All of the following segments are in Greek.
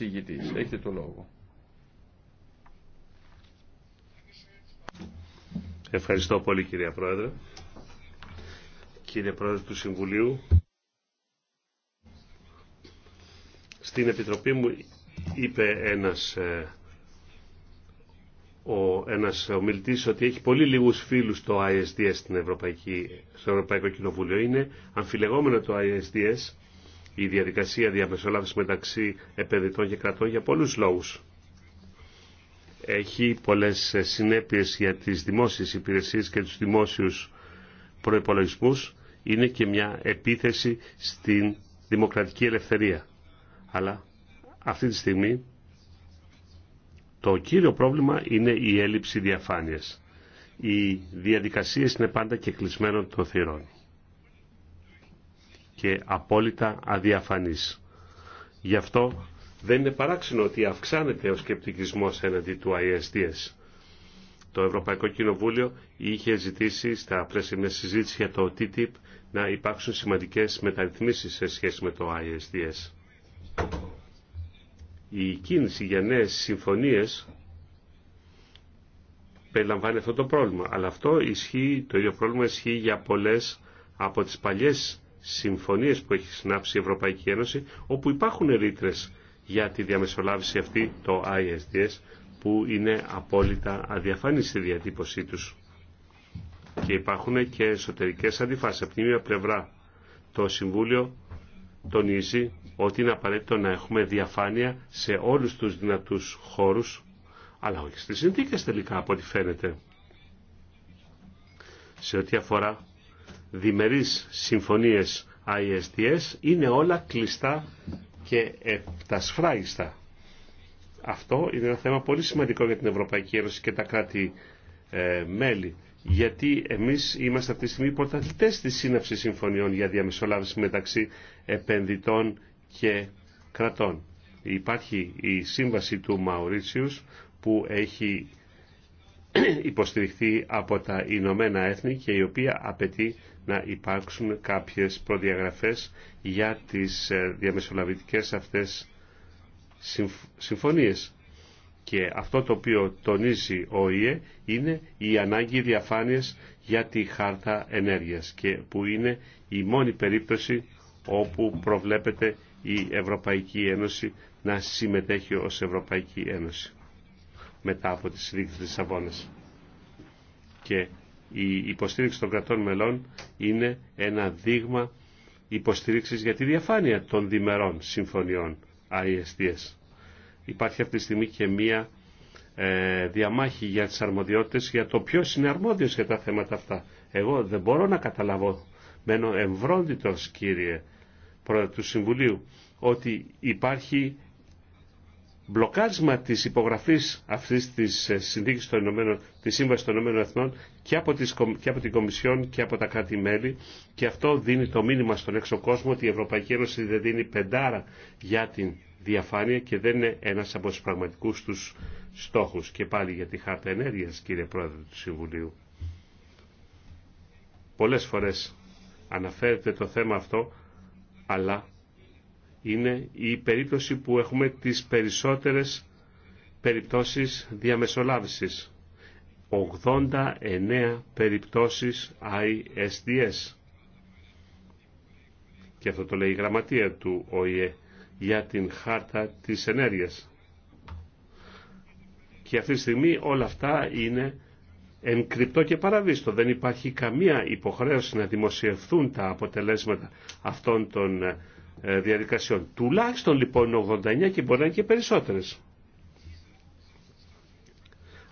Έχετε το λόγο. Ευχαριστώ πολύ κυρία Πρόεδρε. Κύριε Πρόεδρε του Συμβουλίου, στην Επιτροπή μου είπε ένας, ε, ο, ένας ομιλητής ότι έχει πολύ λίγους φίλους το ISDS στην Ευρωπαϊκή, στο Ευρωπαϊκό Κοινοβούλιο. Είναι αμφιλεγόμενο το ISDS η διαδικασία διαμεσολάβηση μεταξύ επενδυτών και κρατών για πολλούς λόγους. Έχει πολλές συνέπειες για τις δημόσιες υπηρεσίες και τους δημόσιους προϋπολογισμούς. Είναι και μια επίθεση στην δημοκρατική ελευθερία. Αλλά αυτή τη στιγμή το κύριο πρόβλημα είναι η έλλειψη διαφάνειας. Οι διαδικασίες είναι πάντα και κλεισμένων των θυρών και απόλυτα αδιαφανής. Γι' αυτό δεν είναι παράξενο ότι αυξάνεται ο σκεπτικισμός έναντι του ISDS. Το Ευρωπαϊκό Κοινοβούλιο είχε ζητήσει στα πλαίσια μια συζήτηση για το TTIP να υπάρξουν σημαντικές μεταρρυθμίσεις σε σχέση με το ISDS. Η κίνηση για νέες συμφωνίες περιλαμβάνει αυτό το πρόβλημα, αλλά αυτό ισχύει, το ίδιο πρόβλημα ισχύει για πολλές από τις παλιές συμφωνίες που έχει συνάψει η Ευρωπαϊκή Ένωση, όπου υπάρχουν ρήτρε για τη διαμεσολάβηση αυτή, το ISDS, που είναι απόλυτα αδιαφανή στη διατύπωσή τους. Και υπάρχουν και εσωτερικές αντιφάσεις. Από τη μία πλευρά το Συμβούλιο τονίζει ότι είναι απαραίτητο να έχουμε διαφάνεια σε όλους τους δυνατούς χώρους, αλλά όχι στις συνθήκες τελικά από ό,τι φαίνεται. Σε ό,τι αφορά διμερείς συμφωνίες ISDS είναι όλα κλειστά και επτασφράγιστα. Αυτό είναι ένα θέμα πολύ σημαντικό για την Ευρωπαϊκή Ένωση και τα κράτη-μέλη. Ε, γιατί εμείς είμαστε αυτή τη στιγμή πρωταθλητές της σύναψης συμφωνιών για διαμεσολάβηση μεταξύ επενδυτών και κρατών. Υπάρχει η σύμβαση του Μαουρίτσιους που έχει υποστηριχθεί από τα Ηνωμένα Έθνη και η οποία απαιτεί να υπάρξουν κάποιες προδιαγραφές για τις ε, διαμεσολαβητικές αυτές συμφωνίες. Και αυτό το οποίο τονίζει ο ΙΕ είναι η ανάγκη διαφάνειας για τη χάρτα ενέργειας και που είναι η μόνη περίπτωση όπου προβλέπεται η Ευρωπαϊκή Ένωση να συμμετέχει ως Ευρωπαϊκή Ένωση μετά από τις συνήθειες της Σαββόνας. Και η υποστήριξη των κρατών μελών είναι ένα δείγμα υποστήριξης για τη διαφάνεια των διμερών συμφωνιών ISDS. Υπάρχει αυτή τη στιγμή και μία ε, διαμάχη για τις αρμοδιότητες για το ποιος είναι αρμόδιος για τα θέματα αυτά. Εγώ δεν μπορώ να καταλάβω, μένω εμβρόντιτος κύριε Πρόεδρε του Συμβουλίου, ότι υπάρχει μπλοκάρισμα της υπογραφής αυτής της ε, συνθήκης των Ηνωμένων, Σύμβασης των Ηνωμένων Εθνών και από, τις, και από την Κομισιόν και από τα κράτη-μέλη και αυτό δίνει το μήνυμα στον έξω κόσμο ότι η Ευρωπαϊκή Ένωση δεν δίνει πεντάρα για την διαφάνεια και δεν είναι ένας από τους πραγματικούς τους στόχους και πάλι για τη χάρτα ενέργειας κύριε Πρόεδρε του Συμβουλίου. Πολλές φορές αναφέρεται το θέμα αυτό αλλά είναι η περίπτωση που έχουμε τις περισσότερες περιπτώσεις διαμεσολάβησης. 89 περιπτώσεις ISDS. Και αυτό το λέει η γραμματεία του ΟΗΕ για την χάρτα της ενέργειας. Και αυτή τη στιγμή όλα αυτά είναι εν κρυπτό και παραβίστο. Δεν υπάρχει καμία υποχρέωση να δημοσιευθούν τα αποτελέσματα αυτών των ε, ε, διαδικασιών. Τουλάχιστον λοιπόν 89 και μπορεί να είναι και περισσότερες.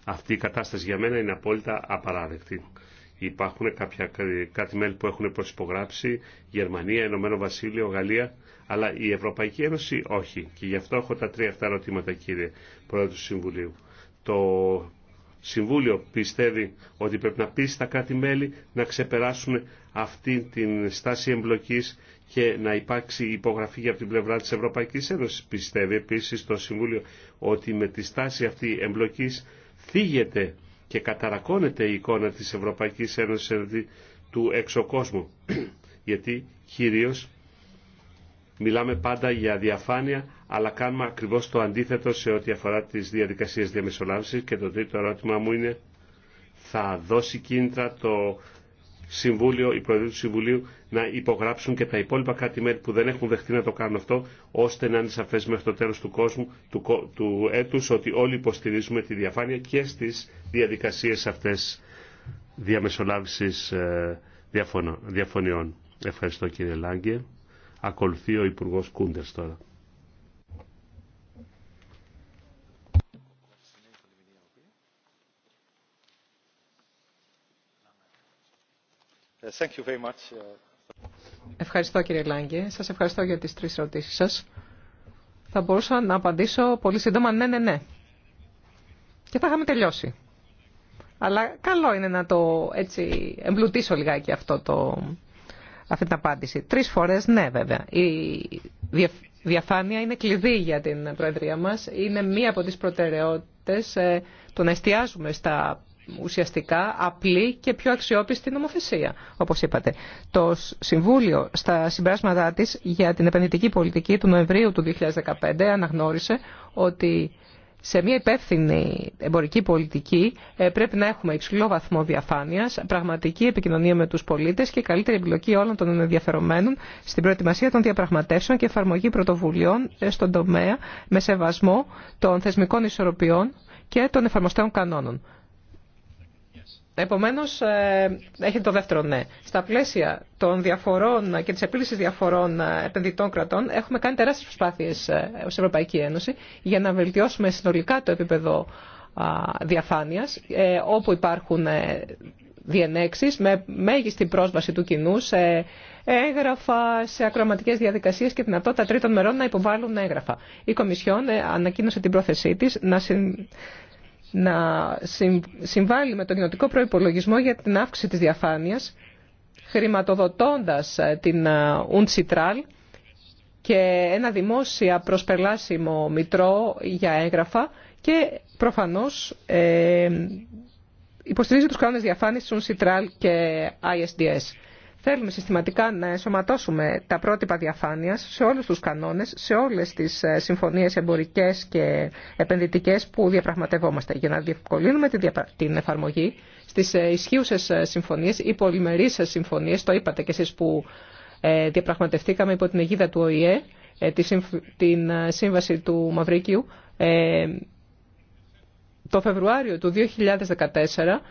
Αυτή η κατάσταση για μένα είναι απόλυτα απαράδεκτη. Υπάρχουν κάποια, κάτι μέλη που έχουν προσυπογράψει, Γερμανία, Ενωμένο Βασίλειο, Γαλλία, αλλά η Ευρωπαϊκή Ένωση όχι. Και γι' αυτό έχω τα τρία αυτά ερωτήματα κύριε Πρόεδρε του Συμβουλίου. Το Συμβούλιο πιστεύει ότι πρέπει να πείσει τα κράτη-μέλη να ξεπεράσουν αυτή την στάση εμπλοκής και να υπάρξει υπογραφή για την πλευρά της Ευρωπαϊκής Ένωσης. Πιστεύει επίσης το Συμβούλιο ότι με τη στάση αυτή εμπλοκής θίγεται και καταρακώνεται η εικόνα της Ευρωπαϊκής Ένωσης του εξωκόσμου. Γιατί μιλάμε πάντα για διαφάνεια, αλλά κάνουμε ακριβώς το αντίθετο σε ό,τι αφορά τις διαδικασίες διαμεσολάβησης. Και το τρίτο ερώτημα μου είναι, θα δώσει κίνητρα το Συμβούλιο, οι Προεδροί του Συμβουλίου να υπογράψουν και τα υπόλοιπα κράτη-μέλη που δεν έχουν δεχτεί να το κάνουν αυτό, ώστε να είναι σαφέ μέχρι το τέλο του κόσμου, του, του έτου, ότι όλοι υποστηρίζουμε τη διαφάνεια και στι διαδικασίε αυτέ διαμεσολάβηση ε, διαφωνιών. Ευχαριστώ κύριε Λάγκε. Ακολουθεί ο υπουργό Κούντερς τώρα. Uh, ευχαριστώ κύριε Λάγκη. Σας ευχαριστώ για τις τρεις ερωτήσεις σας. Θα μπορούσα να απαντήσω πολύ σύντομα ναι, ναι, ναι. Και θα είχαμε τελειώσει. Αλλά καλό είναι να το έτσι εμπλουτίσω λιγάκι αυτό το αυτή την απάντηση. Τρεις φορές ναι βέβαια. Η διαφάνεια είναι κλειδί για την Προεδρία μας. Είναι μία από τις προτεραιότητες ε, το να εστιάζουμε στα ουσιαστικά απλή και πιο αξιόπιστη νομοθεσία, όπως είπατε. Το Συμβούλιο στα συμπράσματά της για την επενδυτική πολιτική του Νοεμβρίου του 2015 αναγνώρισε ότι σε μια υπεύθυνη εμπορική πολιτική ε, πρέπει να έχουμε υψηλό βαθμό διαφάνεια, πραγματική επικοινωνία με του πολίτε και καλύτερη εμπλοκή όλων των ενδιαφερομένων στην προετοιμασία των διαπραγματεύσεων και εφαρμογή πρωτοβουλειών ε, στον τομέα με σεβασμό των θεσμικών ισορροπιών και των εφαρμοστέων κανόνων. Επομένως, ε, έχετε το δεύτερο ναι. Στα πλαίσια των διαφορών και της επίλυσης διαφορών ε, επενδυτών κρατών, έχουμε κάνει τεράστιε προσπάθειες ε, ως Ευρωπαϊκή Ένωση για να βελτιώσουμε συνολικά το επίπεδο διαφάνειας, όπου υπάρχουν διενέξεις με μέγιστη πρόσβαση του κοινού σε έγγραφα, σε ακροματικές διαδικασίες και δυνατότητα τρίτων μερών να υποβάλουν έγγραφα. Η Κομισιόν ανακοίνωσε την πρόθεσή τη. να να συμβάλλει με τον κοινοτικό προϋπολογισμό για την αύξηση της διαφάνειας, χρηματοδοτώντας ε, την ε, UNCITRAL και ένα δημόσια προσπελάσιμο μητρό για έγγραφα και προφανώς ε, υποστηρίζει τους κανόνες διαφάνειας UNCITRAL και ISDS. Θέλουμε συστηματικά να ενσωματώσουμε τα πρότυπα διαφάνειας σε όλους τους κανόνες, σε όλες τις ε, συμφωνίες εμπορικές και επενδυτικές που διαπραγματευόμαστε για να διευκολύνουμε την εφαρμογή στις ε, ισχύουσες ε, συμφωνίες ή πολυμερείς συμφωνίες, το είπατε και εσείς που διαπραγματευτήκαμε υπό την αιγίδα του ΟΗΕ, την σύμβαση του Μαυρίκιου, το Φεβρουάριο του 2014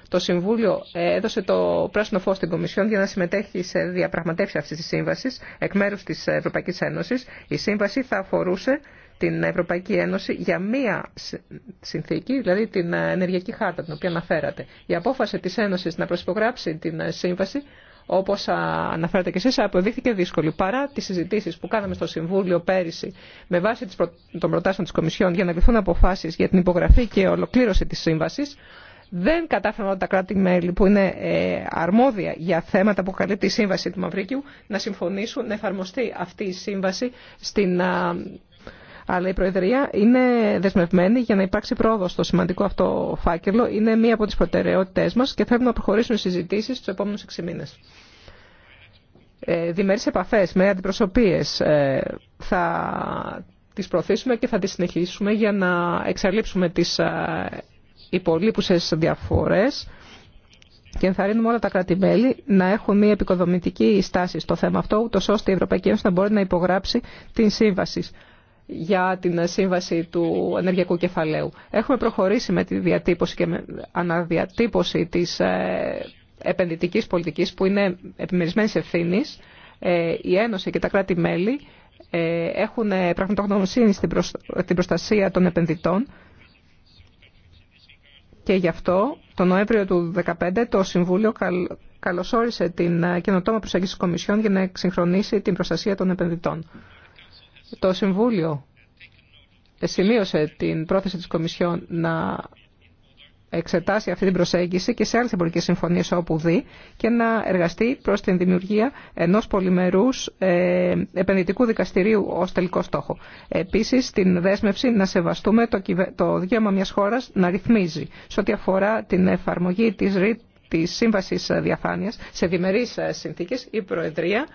το Συμβούλιο ε, έδωσε το πράσινο φως στην Κομισιόν για να συμμετέχει σε διαπραγματεύσει αυτής της σύμβασης εκ μέρους της Ευρωπαϊκής Ένωσης. Η σύμβαση θα αφορούσε την Ευρωπαϊκή Ένωση για μία συνθήκη, δηλαδή την ε, ενεργειακή χάρτα την οποία αναφέρατε. Η απόφαση της Ένωσης να προσυπογράψει την ε, σύμβαση Όπω αναφέρατε και εσεί, αποδείχθηκε δύσκολη. Παρά τι συζητήσει που κάναμε στο Συμβούλιο πέρυσι με βάση των προτάσεων τη Κομισιόν για να ληφθούν αποφάσει για την υπογραφή και ολοκλήρωση τη σύμβαση. δεν κατάφεραν όλα τα κράτη-μέλη που είναι ε, αρμόδια για θέματα που καλύπτει η Σύμβαση του Μαυρίκιου να συμφωνήσουν να εφαρμοστεί αυτή η σύμβαση στην αλλά η Προεδρία είναι δεσμευμένη για να υπάρξει πρόοδο στο σημαντικό αυτό φάκελο. Είναι μία από τι προτεραιότητέ μα και θέλουμε να προχωρήσουν οι συζητήσει του επόμενου 6 μήνε. Ε, διμερείς επαφές με αντιπροσωπείε ε, θα τι προωθήσουμε και θα τι συνεχίσουμε για να εξαλείψουμε τι ε, υπολείπουσες διαφορές και ενθαρρύνουμε όλα τα κράτη-μέλη να έχουν μια επικοδομητική στάση στο θέμα αυτό, ούτω ώστε η Ευρωπαϊκή Ένωση να μπορεί να υπογράψει την σύμβαση για την σύμβαση του ενεργειακού κεφαλαίου. Έχουμε προχωρήσει με τη διατύπωση και με αναδιατύπωση της ε, επενδυτικής πολιτικής που είναι επιμερισμένης ευθύνη. Ε, η Ένωση και τα κράτη-μέλη ε, έχουν πραγματογνωμοσύνη στην προστασία των επενδυτών και γι' αυτό το Νοέμβριο του 2015 το Συμβούλιο καλωσόρισε την καινοτόμα προσέγγιση για να εξυγχρονίσει την προστασία των επενδυτών. Το Συμβούλιο σημείωσε την πρόθεση της Κομισιόν να εξετάσει αυτή την προσέγγιση και σε άλλες εμπορικές συμφωνίες όπου δει και να εργαστεί προς την δημιουργία ενός πολυμερούς ε, επενδυτικού δικαστηρίου ως τελικό στόχο. Επίσης, την δέσμευση να σεβαστούμε το, δικαίωμα μιας χώρας να ρυθμίζει σε ό,τι αφορά την εφαρμογή της, της Σύμβασης Διαφάνειας σε διμερείς ε, συνθήκες. Η Προεδρία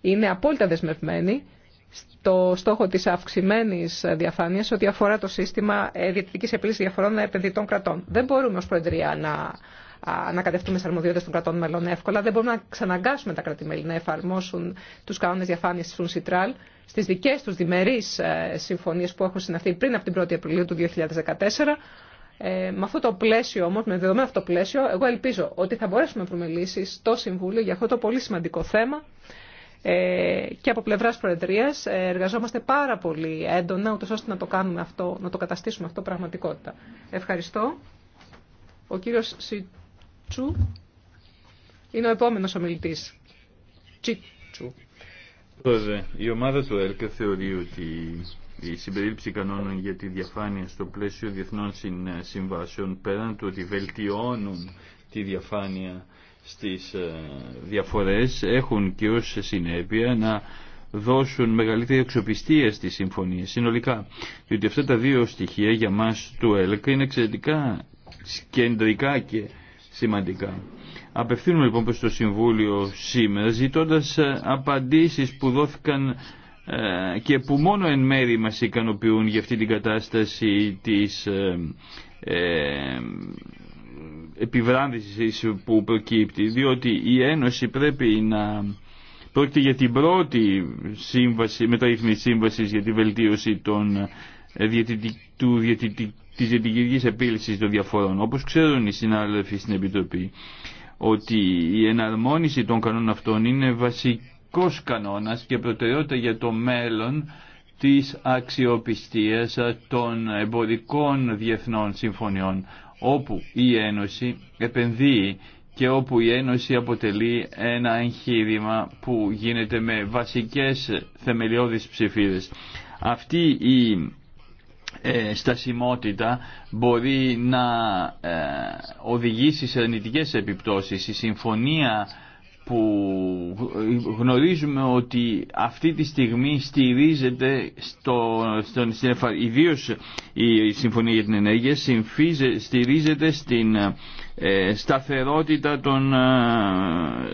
είναι απόλυτα δεσμευμένη στο στόχο της αυξημένης διαφάνειας ό,τι αφορά το σύστημα ε, διαιτητικής επίλυσης διαφορών επενδυτών κρατών. Δεν μπορούμε ως Προεδρία να ανακατευτούμε στι αρμοδιότητε των κρατών μελών εύκολα. Δεν μπορούμε να ξαναγκάσουμε τα κρατη να εφαρμόσουν τους κανόνες διαφάνειας της Φουνσιτράλ στις δικές τους διμερείς ε, συμφωνίες που έχουν συναυθεί πριν από την 1η Απριλίου του 2014. Ε, με αυτό το πλαίσιο όμω, με δεδομένο αυτό το πλαίσιο, εγώ ελπίζω ότι θα μπορέσουμε να βρούμε λύσει στο Συμβούλιο για αυτό το πολύ σημαντικό θέμα ε, και από πλευράς Προεδρίας ε, εργαζόμαστε πάρα πολύ έντονα, ούτως ώστε να το, κάνουμε αυτό, να το καταστήσουμε αυτό πραγματικότητα. Ευχαριστώ. Ο κύριος Σιτσού είναι ο επόμενος ομιλητής. Τσιτσού. η ομάδα του ΕΛΚΑ θεωρεί ότι η συμπερίληψη κανόνων για τη διαφάνεια στο πλαίσιο διεθνών συμβάσεων πέραν του ότι βελτιώνουν τη διαφάνεια στις ε, διαφορές έχουν και ως συνέπεια να δώσουν μεγαλύτερη αξιοπιστία στις συμφωνία. συνολικά. Διότι αυτά τα δύο στοιχεία για μας του ΕΛΚ είναι εξαιρετικά κεντρικά και σημαντικά. Απευθύνουμε λοιπόν προς το Συμβούλιο σήμερα ζητώντας ε, απαντήσεις που δόθηκαν ε, και που μόνο εν μέρη μας ικανοποιούν για αυτή την κατάσταση της επιβράδυσης που προκύπτει, διότι η Ένωση πρέπει να πρόκειται για την πρώτη σύμβαση, μεταρρύθμιση σύμβαση για τη βελτίωση των, ε, του, της επίλυσης των διαφορών. Όπως ξέρουν οι συνάδελφοι στην Επιτροπή, ότι η εναρμόνιση των κανόνων αυτών είναι βασικός κανόνας και προτεραιότητα για το μέλλον της αξιοπιστίας των εμπορικών διεθνών συμφωνιών όπου η Ένωση επενδύει και όπου η Ένωση αποτελεί ένα εγχείρημα που γίνεται με βασικές θεμελιώδεις ψηφίδες. Αυτή η ε, στασιμότητα μπορεί να ε, οδηγήσει σε αρνητικές επιπτώσεις. Η συμφωνία που γνωρίζουμε ότι αυτή τη στιγμή στηρίζεται στο, στον, στην ιδίως η Συμφωνία για την Ενέργεια στηρίζεται στην ε, σταθερότητα των ε,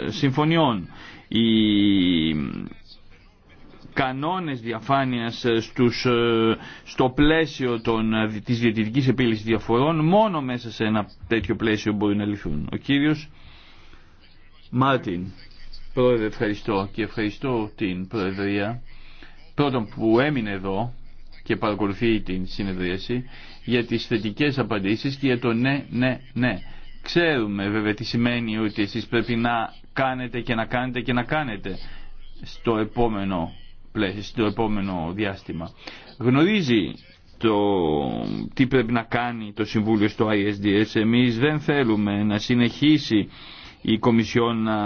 συμφωνιών. Οι κανόνες διαφάνειας ε, στους, στο πλαίσιο των, της διαιτητικής επίλυσης διαφορών μόνο μέσα σε ένα τέτοιο πλαίσιο μπορεί να λυθούν. Ο κύριος Μάρτιν, πρόεδρε ευχαριστώ και ευχαριστώ την Προεδρία πρώτον που έμεινε εδώ και παρακολουθεί την συνεδρίαση για τις θετικές απαντήσεις και για το ναι, ναι, ναι. Ξέρουμε βέβαια τι σημαίνει ότι εσείς πρέπει να κάνετε και να κάνετε και να κάνετε στο επόμενο πλαίσιο, στο επόμενο διάστημα. Γνωρίζει το τι πρέπει να κάνει το Συμβούλιο στο ISDS. Εμείς δεν θέλουμε να συνεχίσει η Κομισιόν να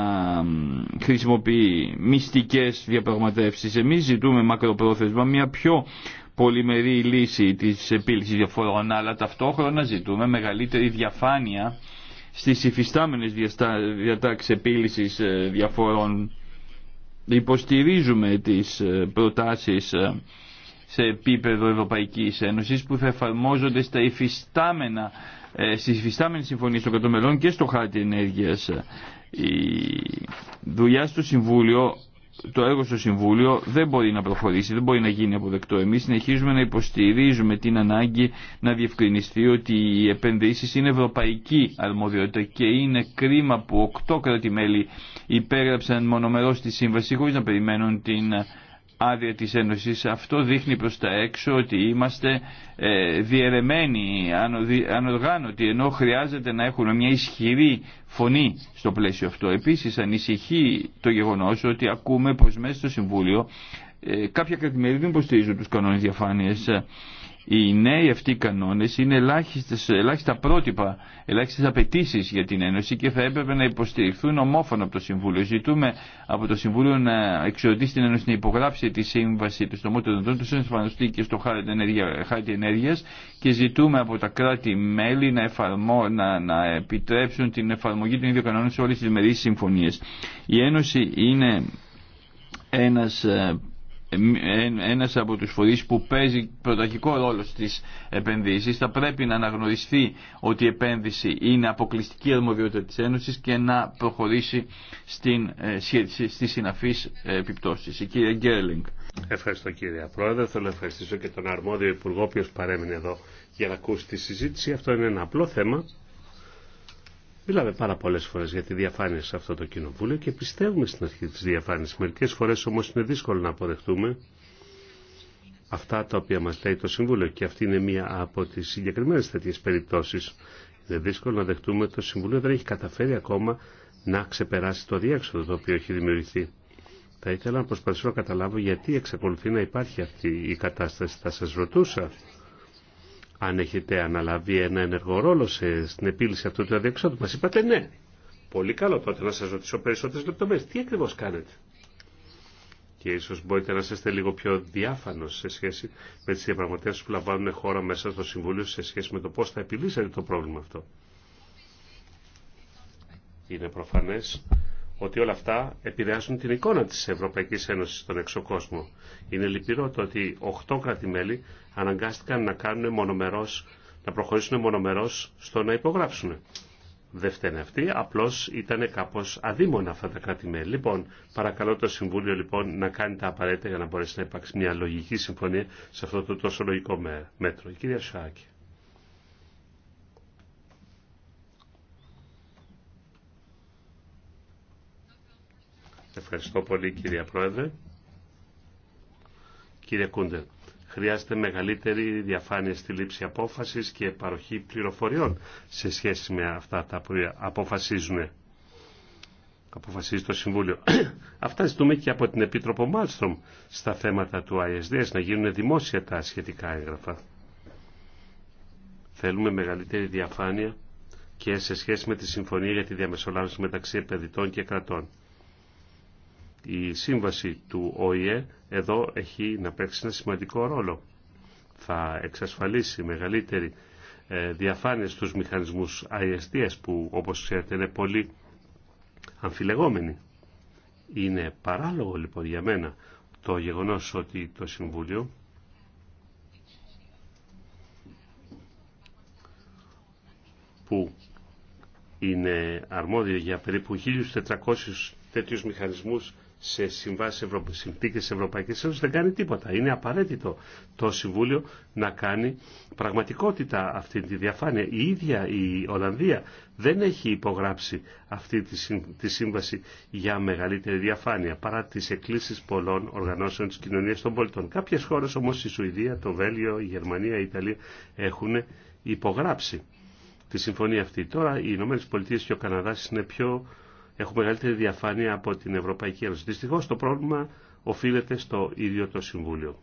χρησιμοποιεί μυστικές διαπραγματεύσεις. Εμείς ζητούμε μακροπρόθεσμα μια πιο πολυμερή λύση της επίλυσης διαφορών, αλλά ταυτόχρονα ζητούμε μεγαλύτερη διαφάνεια στις υφιστάμενες διατάξεις επίλυσης ε, διαφορών. Υποστηρίζουμε τις ε, προτάσεις ε, σε επίπεδο Ευρωπαϊκής Ένωσης που θα εφαρμόζονται στα υφιστάμενα ε, στι φυστάμενη συμφωνίε των κρατομελών και στο χάρτη ενέργεια. Ε, η δουλειά στο Συμβούλιο, το έργο στο Συμβούλιο δεν μπορεί να προχωρήσει, δεν μπορεί να γίνει αποδεκτό. Εμεί συνεχίζουμε να υποστηρίζουμε την ανάγκη να διευκρινιστεί ότι οι επενδύσει είναι ευρωπαϊκή αρμοδιότητα και είναι κρίμα που οκτώ κράτη-μέλη υπέγραψαν μονομερό τη σύμβαση χωρί να περιμένουν την άδεια της Ένωσης. Αυτό δείχνει προς τα έξω ότι είμαστε ε, διαιρεμένοι, ανοργάνωτοι, ενώ χρειάζεται να έχουμε μια ισχυρή φωνή στο πλαίσιο αυτό. Επίσης ανησυχεί το γεγονός ότι ακούμε πως μέσα στο Συμβούλιο ε, κάποια κρατημέρια δεν υποστηρίζουν τους κανόνες διαφάνειας. Οι νέοι αυτοί οι κανόνες είναι ελάχιστες, ελάχιστα πρότυπα, ελάχιστες απαιτήσει για την Ένωση και θα έπρεπε να υποστηριχθούν ομόφωνα από το Συμβούλιο. Ζητούμε από το Συμβούλιο να εξοδίσει την Ένωση να υπογράψει τη σύμβαση του στο Μότο του Συνεφανωστή και στο Χάρτη ενέργεια και ζητούμε από τα κράτη-μέλη να, να, να επιτρέψουν την εφαρμογή των ίδιων κανόνων σε όλες τις μερικές συμφωνίες. Η Ένωση είναι ένας ε, ε, ε, ένας από τους φορείς που παίζει πρωταρχικό ρόλο στις επενδύσεις θα πρέπει να αναγνωριστεί ότι η επένδυση είναι αποκλειστική αρμοδιότητα της Ένωσης και να προχωρήσει στην, ε, στις συναφής επιπτώσεις. Η κυρία Γκέρλινγκ. Ευχαριστώ κύριε Πρόεδρε. Θέλω να ευχαριστήσω και τον αρμόδιο Υπουργό, ο παρέμεινε εδώ για να ακούσει τη συζήτηση. Αυτό είναι ένα απλό θέμα Μιλάμε πάρα πολλές φορές για τη διαφάνεια σε αυτό το κοινοβούλιο και πιστεύουμε στην αρχή της διαφάνειας. Μερικές φορές όμως είναι δύσκολο να αποδεχτούμε αυτά τα οποία μας λέει το Συμβούλιο και αυτή είναι μία από τις συγκεκριμένε τέτοιε περιπτώσεις. Είναι δύσκολο να δεχτούμε ότι το Συμβούλιο δεν έχει καταφέρει ακόμα να ξεπεράσει το διέξοδο το οποίο έχει δημιουργηθεί. Θα ήθελα να προσπαθήσω να καταλάβω γιατί εξακολουθεί να υπάρχει αυτή η κατάσταση. Θα σα ρωτούσα αν έχετε αναλάβει ένα ενεργό ρόλο σε, στην επίλυση αυτού του αδιεξόδου. Μας είπατε ναι. Πολύ καλό τότε να σας ρωτήσω περισσότερες λεπτομέρειες. Τι ακριβώς κάνετε. Και ίσως μπορείτε να είστε λίγο πιο διάφανος σε σχέση με τις διαπραγματεύσεις που λαμβάνουν χώρα μέσα στο Συμβούλιο σε σχέση με το πώς θα επιλύσετε το πρόβλημα αυτό. Είναι προφανές ότι όλα αυτά επηρεάζουν την εικόνα της Ευρωπαϊκής Ένωσης στον εξωκόσμο. Είναι λυπηρό το ότι 8 κράτη-μέλη αναγκάστηκαν να, κάνουν μονομερός, να προχωρήσουν μονομερός στο να υπογράψουν. Δεν φταίνε αυτοί, απλώς ήταν κάπως αδίμονα αυτά τα κράτη-μέλη. Λοιπόν, παρακαλώ το Συμβούλιο λοιπόν να κάνει τα απαραίτητα για να μπορέσει να υπάρξει μια λογική συμφωνία σε αυτό το τόσο λογικό μέτρο. Η κυρία Σουάκη. Ευχαριστώ πολύ κυρία Πρόεδρε. Κύριε Κούντερ, χρειάζεται μεγαλύτερη διαφάνεια στη λήψη απόφασης και παροχή πληροφοριών σε σχέση με αυτά τα που αποφασίζουν. Αποφασίζει το Συμβούλιο. Αυτά ζητούμε και από την Επίτροπο Μάλστρομ στα θέματα του ISDS να γίνουν δημόσια τα σχετικά έγγραφα. Θέλουμε μεγαλύτερη διαφάνεια και σε σχέση με τη Συμφωνία για τη Διαμεσολάβηση μεταξύ επενδυτών και κρατών η σύμβαση του ΟΗΕ εδώ έχει να παίξει ένα σημαντικό ρόλο. Θα εξασφαλίσει μεγαλύτερη ε, διαφάνεια στους μηχανισμούς ISDS που όπως ξέρετε είναι πολύ αμφιλεγόμενοι. Είναι παράλογο λοιπόν για μένα το γεγονός ότι το Συμβούλιο που είναι αρμόδιο για περίπου 1.400 τέτοιους μηχανισμούς σε συμβάσεις Ευρω... συνθήκες της Ευρωπαϊκής Ένωσης δεν κάνει τίποτα. Είναι απαραίτητο το Συμβούλιο να κάνει πραγματικότητα αυτή τη διαφάνεια. Η ίδια η Ολλανδία δεν έχει υπογράψει αυτή τη σύμβαση για μεγαλύτερη διαφάνεια παρά τις εκκλήσεις πολλών οργανώσεων της κοινωνίας των πολιτών. Κάποιες χώρες όμως η Σουηδία, το Βέλγιο, η Γερμανία, η Ιταλία έχουν υπογράψει τη συμφωνία αυτή. Τώρα οι Ηνωμένες Πολιτείες και ο Καναδάς είναι πιο Έχουμε μεγαλύτερη διαφάνεια από την Ευρωπαϊκή Ένωση. Δυστυχώς το πρόβλημα οφείλεται στο ίδιο το Συμβούλιο.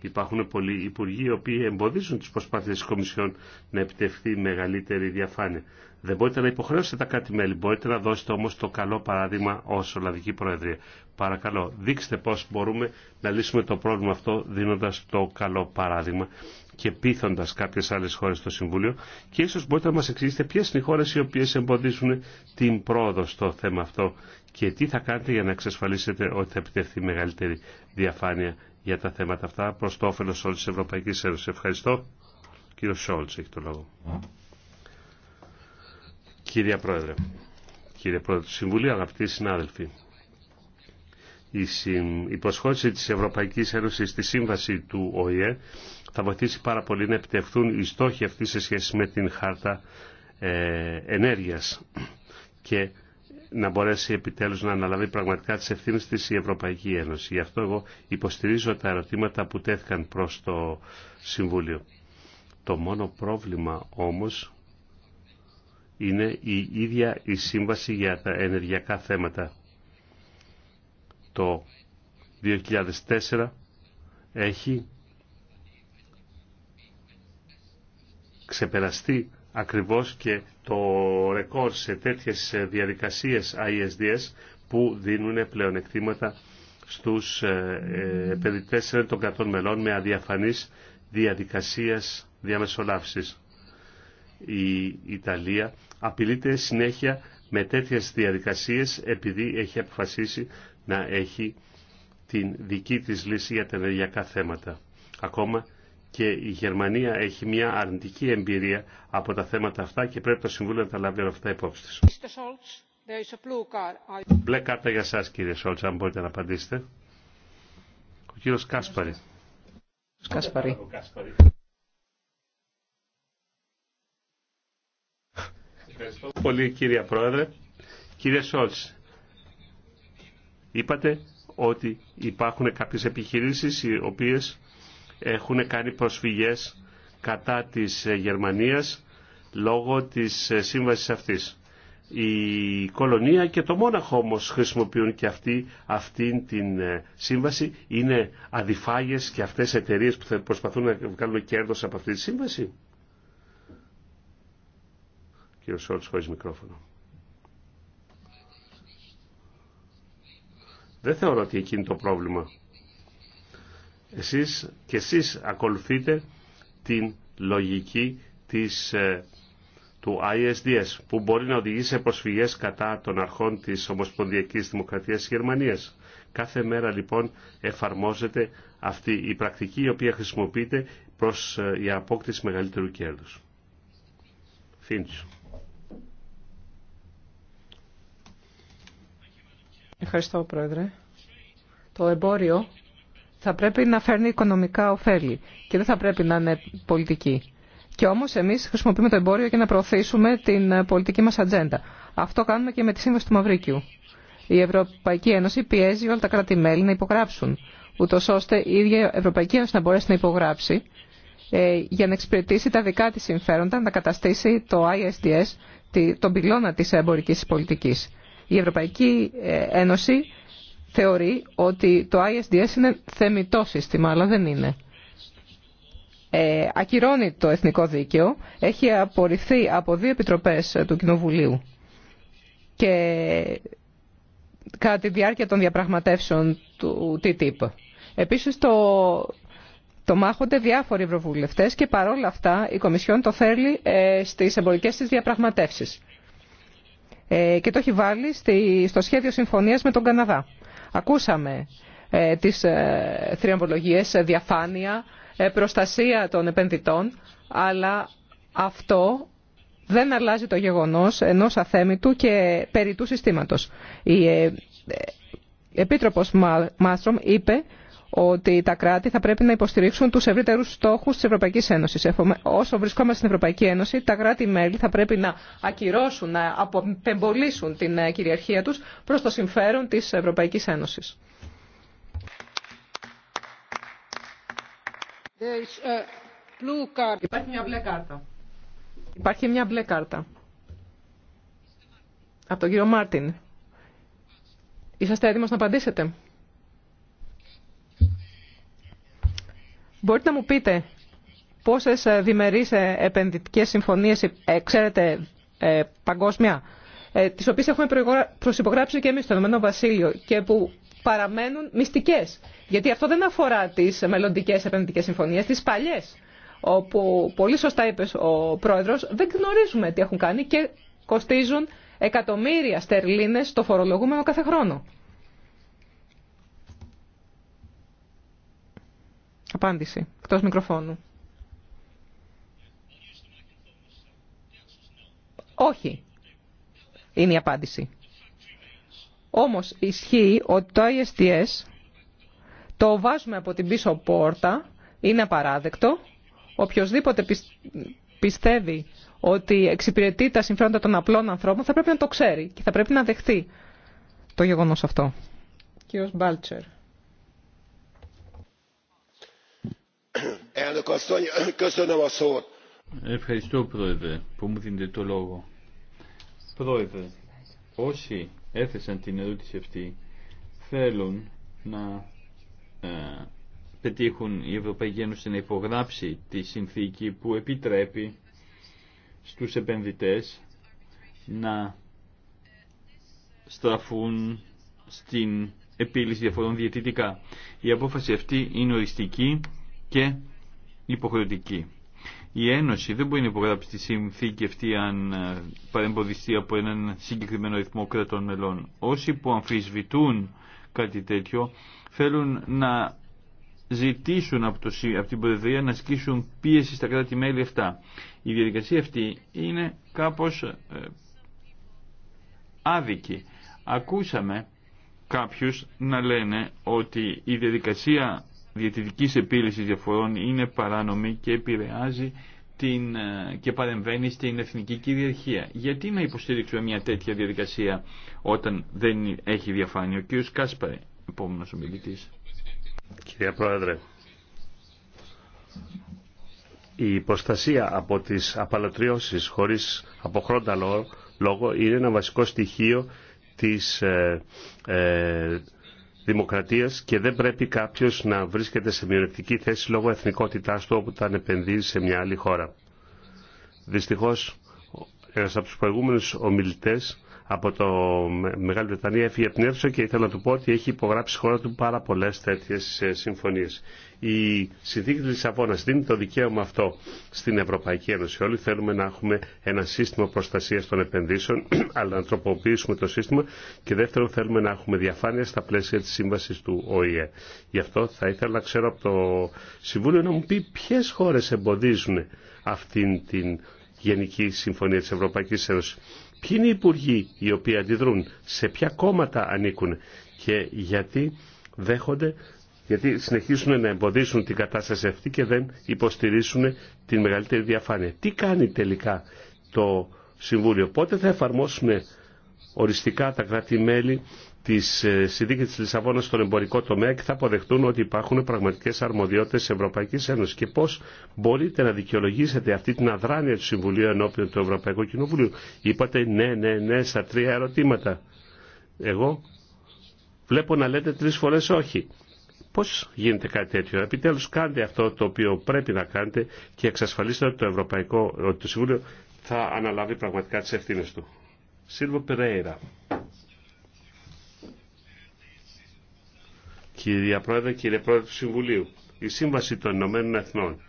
Υπάρχουν πολλοί υπουργοί οι οποίοι εμποδίζουν τις προσπάθειες της Κομισιόν να επιτευχθεί μεγαλύτερη διαφάνεια. Δεν μπορείτε να υποχρεώσετε τα κάτι μέλη, μπορείτε να δώσετε όμως το καλό παράδειγμα ως Ολλανδική Προεδρία. Παρακαλώ, δείξτε πώς μπορούμε να λύσουμε το πρόβλημα αυτό δίνοντας το καλό παράδειγμα και πείθοντα κάποιε άλλε χώρε στο Συμβούλιο και ίσω μπορείτε να μα εξηγήσετε ποιε είναι οι χώρε οι οποίε εμποδίζουν την πρόοδο στο θέμα αυτό και τι θα κάνετε για να εξασφαλίσετε ότι θα επιτευχθεί μεγαλύτερη διαφάνεια για τα θέματα αυτά προς το όφελος όλης της Ευρωπαϊκής Ένωσης. Ευχαριστώ. Κύριο Σόλτς έχει το λόγο. Κύριε Πρόεδρε, κύριε Πρόεδρε του Συμβουλίου, αγαπητοί συνάδελφοι, η υποσχόληση της Ευρωπαϊκής Ένωσης στη σύμβαση του ΟΗΕ θα βοηθήσει πάρα πολύ να επιτευχθούν οι στόχοι αυτοί σε σχέση με την χάρτα ε, και να μπορέσει επιτέλους να αναλάβει πραγματικά τις ευθύνες της η Ευρωπαϊκή Ένωση. Γι' αυτό εγώ υποστηρίζω τα ερωτήματα που τέθηκαν προς το Συμβούλιο. Το μόνο πρόβλημα όμως είναι η ίδια η Σύμβαση για τα ενεργειακά θέματα. Το 2004 έχει ξεπεραστεί ακριβώς και το ρεκόρ σε τέτοιες διαδικασίες ISDS που δίνουν πλεονεκτήματα στους ε, ε, επενδυτές των κρατών μελών με αδιαφανείς διαδικασίας διαμεσολάβησης. Η Ιταλία απειλείται συνέχεια με τέτοιες διαδικασίες επειδή έχει αποφασίσει να έχει την δική της λύση για τα ενεργειακά θέματα. Ακόμα και η Γερμανία έχει μια αρνητική εμπειρία από τα θέματα αυτά και πρέπει το Συμβούλιο να τα λάβει όλα αυτά υπόψη της. Μπλε κάρτα για σας κύριε Σόλτς, αν μπορείτε να απαντήσετε. Ο κύριος Κάσπαρη. Κάσπαρη. Ευχαριστώ πολύ κύριε Πρόεδρε. Κύριε Σόλτς, είπατε ότι υπάρχουν κάποιες επιχειρήσεις οι οποίες έχουν κάνει προσφυγές κατά της ε, Γερμανίας λόγω της ε, σύμβασης αυτής. Η κολονία και το μόναχο όμω χρησιμοποιούν και αυτή αυτήν την ε, σύμβαση. Είναι αδιφάγες και αυτές οι εταιρείε που θα προσπαθούν να βγάλουν κέρδος από αυτή τη σύμβαση. Κύριο Σόλτς χωρίς μικρόφωνο. Δεν θεωρώ ότι εκεί το πρόβλημα. Εσείς και εσείς ακολουθείτε την λογική της, ε, του ISDS που μπορεί να οδηγήσει σε προσφυγές κατά των αρχών της Ομοσπονδιακής Δημοκρατίας της Γερμανίας. Κάθε μέρα λοιπόν εφαρμόζεται αυτή η πρακτική η οποία χρησιμοποιείται προς ε, η απόκτηση μεγαλύτερου κέρδους. Φίντσου. Ευχαριστώ, Πρόεδρε. Το εμπόριο θα πρέπει να φέρνει οικονομικά ωφέλη και δεν θα πρέπει να είναι πολιτική. Και όμω εμεί χρησιμοποιούμε το εμπόριο για να προωθήσουμε την πολιτική μα ατζέντα. Αυτό κάνουμε και με τη Σύμβαση του Μαυρίκιου. Η Ευρωπαϊκή Ένωση πιέζει όλα τα κράτη-μέλη να υπογράψουν, ούτω ώστε η ίδια Ευρωπαϊκή Ένωση να μπορέσει να υπογράψει ε, για να εξυπηρετήσει τα δικά τη συμφέροντα, να καταστήσει το ISDS, τον πυλώνα τη εμπορική πολιτική. Η Ευρωπαϊκή ε, Ένωση θεωρεί ότι το ISDS είναι θεμητό σύστημα, αλλά δεν είναι. Ε, ακυρώνει το εθνικό δίκαιο, έχει απορριφθεί από δύο επιτροπές του Κοινοβουλίου και κατά τη διάρκεια των διαπραγματεύσεων του TTIP. Επίσης το, το μάχονται διάφοροι ευρωβουλευτές και παρόλα αυτά η Κομισιόν το θέλει ε, στις εμπορικές της διαπραγματεύσεις ε, και το έχει βάλει στο σχέδιο συμφωνίας με τον Καναδά. Ακούσαμε ε, τις ε, θριαμβολογίες, ε, διαφάνεια, προστασία των επενδυτών, αλλά αυτό δεν αλλάζει το γεγονός ενός αθέμητου και περί του συστήματος. Η Επίτροπος Μάστρομ είπε ότι τα κράτη θα πρέπει να υποστηρίξουν του ευρύτερου στόχου τη Ευρωπαϊκή Ένωση. Όσο βρισκόμαστε στην Ευρωπαϊκή Ένωση, τα κράτη-μέλη θα πρέπει να ακυρώσουν, να απεμπολίσουν την ε, κυριαρχία του προ το συμφέρον τη Ευρωπαϊκή Ένωση. Υπάρχει μια μπλε κάρτα. Υπάρχει μια μπλε κάρτα. Από τον κύριο Μάρτιν. Είσαστε έτοιμος να απαντήσετε. Μπορείτε να μου πείτε πόσες ε, διμερείς ε, επενδυτικές συμφωνίες ε, ξέρετε παγκόσμια, τις οποίες έχουμε προσυπογράψει και εμείς στο Ηνωμένο Βασίλειο και που παραμένουν μυστικές. Γιατί αυτό δεν αφορά τις μελλοντικέ επενδυτικές συμφωνίες, τις παλιές, όπου πολύ σωστά είπε ο πρόεδρος, δεν γνωρίζουμε τι έχουν κάνει και κοστίζουν εκατομμύρια στερλίνες το φορολογούμενο κάθε χρόνο. Απάντηση. εκτό μικροφώνου. Όχι. Είναι η απάντηση. Όμως ισχύει ότι το ISTS το βάζουμε από την πίσω πόρτα, είναι απαράδεκτο. Οποιοδήποτε πιστεύει ότι εξυπηρετεί τα συμφέροντα των απλών ανθρώπων θα πρέπει να το ξέρει και θα πρέπει να δεχθεί το γεγονός αυτό. Κύριος Μπάλτσερ. Ευχαριστώ πρόεδρε που μου δίνετε το λόγο. Πρόεδρε, όσοι έθεσαν την ερώτηση αυτή θέλουν να ε, πετύχουν η Ευρωπαϊκή Ένωση να υπογράψει τη συνθήκη που επιτρέπει στους επενδυτές να στραφούν στην επίλυση διαφορών διαιτητικά. Η απόφαση αυτή είναι οριστική και η Ένωση δεν μπορεί να υπογράψει τη συνθήκη αυτή αν ε, παρεμποδιστεί από έναν συγκεκριμένο ρυθμό κρατών μελών. Όσοι που αμφισβητούν κάτι τέτοιο θέλουν να ζητήσουν από, το, την Προεδρία να ασκήσουν πίεση στα κράτη-μέλη αυτά. Η διαδικασία αυτή είναι κάπως ε, άδικη. Ακούσαμε κάποιους να λένε ότι η διαδικασία διαιτητικής επίλυσης διαφορών είναι παράνομη και επηρεάζει την, ε, και παρεμβαίνει στην εθνική κυριαρχία. Γιατί να υποστήριξουμε μια τέτοια διαδικασία όταν δεν έχει διαφάνει Ο κ. Κάσπαρη, επόμενο ομιλητή. Κυρία Πρόεδρε, η προστασία από τις απαλωτριώσει χωρίς αποχρόντα λόγο είναι ένα βασικό στοιχείο της ε, ε δημοκρατίας και δεν πρέπει κάποιος να βρίσκεται σε μειονεκτική θέση λόγω εθνικότητάς του τα επενδύει σε μια άλλη χώρα. Δυστυχώς, ένας από τους προηγούμενους ομιλητές από το Μεγάλη Βρετανία έφυγε από την και ήθελα να του πω ότι έχει υπογράψει η χώρα του πάρα πολλέ τέτοιε συμφωνίε. Η συνθήκη τη Λισαβόνα δίνει το δικαίωμα αυτό στην Ευρωπαϊκή Ένωση. Όλοι θέλουμε να έχουμε ένα σύστημα προστασία των επενδύσεων, αλλά να τροποποιήσουμε το σύστημα και δεύτερον θέλουμε να έχουμε διαφάνεια στα πλαίσια τη σύμβαση του ΟΗΕ. Γι' αυτό θα ήθελα να ξέρω από το Συμβούλιο να μου πει ποιε χώρε εμποδίζουν αυτήν την Γενική Συμφωνία της Ευρωπαϊκής Ένωσης. Ποιοι είναι οι υπουργοί οι οποίοι αντιδρούν, σε ποια κόμματα ανήκουν και γιατί δέχονται, γιατί συνεχίσουν να εμποδίσουν την κατάσταση αυτή και δεν υποστηρίσουν την μεγαλύτερη διαφάνεια. Τι κάνει τελικά το Συμβούλιο, πότε θα εφαρμόσουμε οριστικά τα κράτη-μέλη τη ε, συνθήκη τη Λισαβόνα στον εμπορικό τομέα και θα αποδεχτούν ότι υπάρχουν πραγματικέ αρμοδιότητε τη Ευρωπαϊκή Ένωση. Και πώ μπορείτε να δικαιολογήσετε αυτή την αδράνεια του Συμβουλίου ενώπιον του Ευρωπαϊκού Κοινοβουλίου. Είπατε ναι, ναι, ναι στα τρία ερωτήματα. Εγώ βλέπω να λέτε τρει φορέ όχι. Πώ γίνεται κάτι τέτοιο. Επιτέλου κάντε αυτό το οποίο πρέπει να κάνετε και εξασφαλίστε ότι το, Ευρωπαϊκό, το Συμβούλιο θα αναλάβει πραγματικά τι ευθύνε του. Σίλβο Περέιρα. Κυρία Πρόεδρε, κύριε Πρόεδρε του Συμβουλίου, η Σύμβαση των Ηνωμένων Εθνών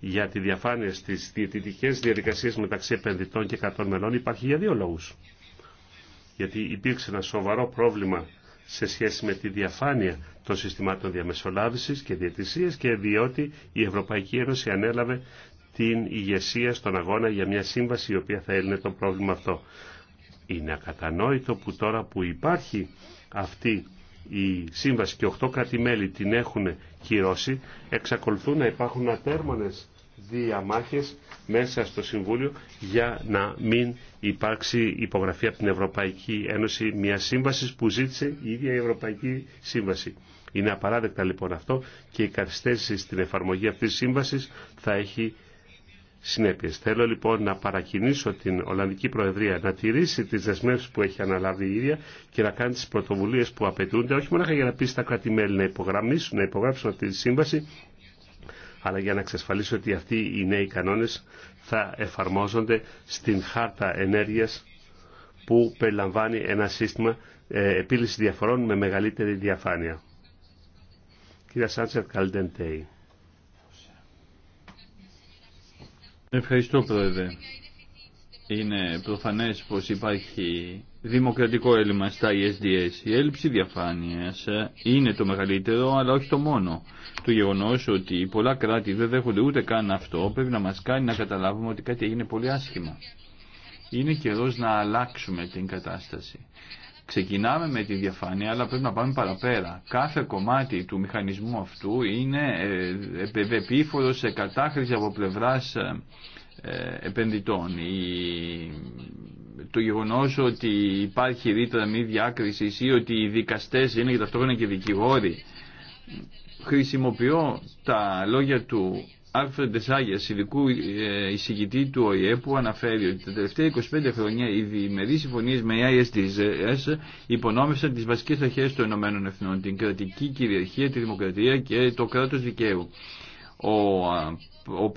για τη διαφάνεια στι διαιτητικέ διαδικασίε μεταξύ επενδυτών και κρατών μελών υπάρχει για δύο λόγου. Γιατί υπήρξε ένα σοβαρό πρόβλημα σε σχέση με τη διαφάνεια των συστημάτων διαμεσολάβηση και διαιτησία και διότι η Ευρωπαϊκή Ένωση ανέλαβε την ηγεσία στον αγώνα για μια σύμβαση η οποία θα έλυνε το πρόβλημα αυτό. Είναι ακατανόητο που τώρα που υπάρχει αυτή η σύμβαση και 8 κρατη την έχουν κυρώσει, εξακολουθούν να υπάρχουν ατέρμονες διαμάχες μέσα στο Συμβούλιο για να μην υπάρξει υπογραφή από την Ευρωπαϊκή Ένωση μια σύμβαση που ζήτησε η ίδια η Ευρωπαϊκή Σύμβαση. Είναι απαράδεκτα λοιπόν αυτό και η καθυστέρηση στην εφαρμογή αυτής της σύμβασης θα έχει συνέπειε. Θέλω λοιπόν να παρακινήσω την Ολλανδική Προεδρία να τηρήσει τι δεσμεύσει που έχει αναλάβει η ίδια και να κάνει τι πρωτοβουλίε που απαιτούνται, όχι μόνο για να πει τα κράτη-μέλη να υπογραμμίσουν, να υπογράψουν αυτή τη σύμβαση, αλλά για να εξασφαλίσει ότι αυτοί οι νέοι κανόνε θα εφαρμόζονται στην χάρτα ενέργεια που περιλαμβάνει ένα σύστημα ε, επίλυση διαφορών με μεγαλύτερη διαφάνεια. Κυρία Σάντσερ καλή Ευχαριστώ Πρόεδρε. Είναι προφανές πως υπάρχει δημοκρατικό έλλειμμα στα ISDS. E Η έλλειψη διαφάνειας είναι το μεγαλύτερο, αλλά όχι το μόνο. Το γεγονός ότι πολλά κράτη δεν δέχονται ούτε καν αυτό πρέπει να μας κάνει να καταλάβουμε ότι κάτι έγινε πολύ άσχημα. Είναι καιρός να αλλάξουμε την κατάσταση. Ξεκινάμε με τη διαφάνεια, αλλά πρέπει να πάμε παραπέρα. Κάθε κομμάτι του μηχανισμού αυτού είναι ε, επίφορο σε κατάχρηση από πλευρά ε, ε, επενδυτών. Το γεγονό ότι υπάρχει ρήτρα μη διάκριση ή ότι οι δικαστέ είναι και ταυτόχρονα και δικηγόροι. Χρησιμοποιώ τα λόγια του Άλφρεντ Τεσάγια, ειδικού ε, εισηγητή του ΟΗΕ, που αναφέρει ότι τα τελευταία 25 χρόνια οι διημερεί συμφωνίε με ISDS υπονόμευσαν τι βασικέ αρχέ των Ηνωμένων Εθνών, την κρατική κυριαρχία, τη δημοκρατία και το κράτο δικαίου. Ο, ο,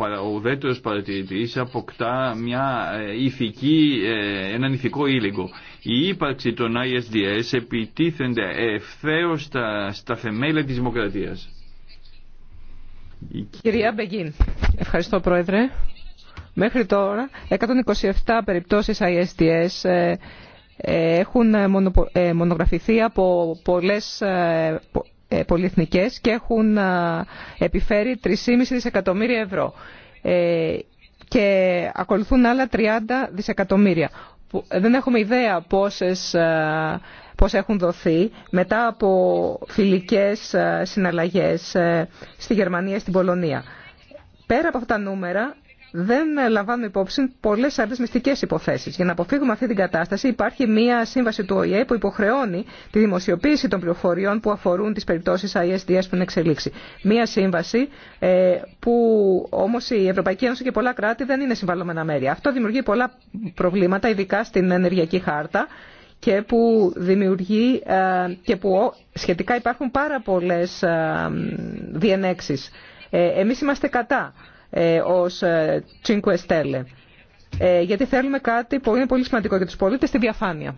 ο παρατηρητή αποκτά μια ε, ηθική, ε, έναν ηθικό ύλικο. Η ύπαρξη των ISDS επιτίθενται ευθέω στα, στα θεμέλια τη δημοκρατία. Κυρία Μπεγγίν, ευχαριστώ Πρόεδρε. Μέχρι τώρα, 127 περιπτώσεις ISDS ε, ε, έχουν ε, μονογραφηθεί από πολλές πολυεθνικές και έχουν επιφέρει 3,5 δισεκατομμύρια ευρώ και ακολουθούν άλλα 30 δισεκατομμύρια. Δεν έχουμε ιδέα πόσες πώς έχουν δοθεί μετά από φιλικές ε, συναλλαγές ε, στη Γερμανία, στην Πολωνία. Πέρα από αυτά τα νούμερα δεν λαμβάνουμε υπόψη πολλές άλλες μυστικές υποθέσεις. Για να αποφύγουμε αυτή την κατάσταση υπάρχει μια σύμβαση του ΟΗΕ που υποχρεώνει τη δημοσιοποίηση των πληροφοριών που αφορούν τις περιπτώσεις ISDS που είναι εξελίξει. Μια σύμβαση ε, που όμως η Ευρωπαϊκή Ένωση και πολλά κράτη δεν είναι συμβαλλόμενα μέρη. Αυτό δημιουργεί πολλά προβλήματα, ειδικά στην ενεργειακή χάρτα, και που δημιουργεί ε, και που σχετικά υπάρχουν πάρα πολλές ε, διενέξεις. Ε, εμείς είμαστε κατά ως Cinque Stelle, γιατί θέλουμε κάτι που είναι πολύ σημαντικό για τους πολίτες, τη διαφάνεια.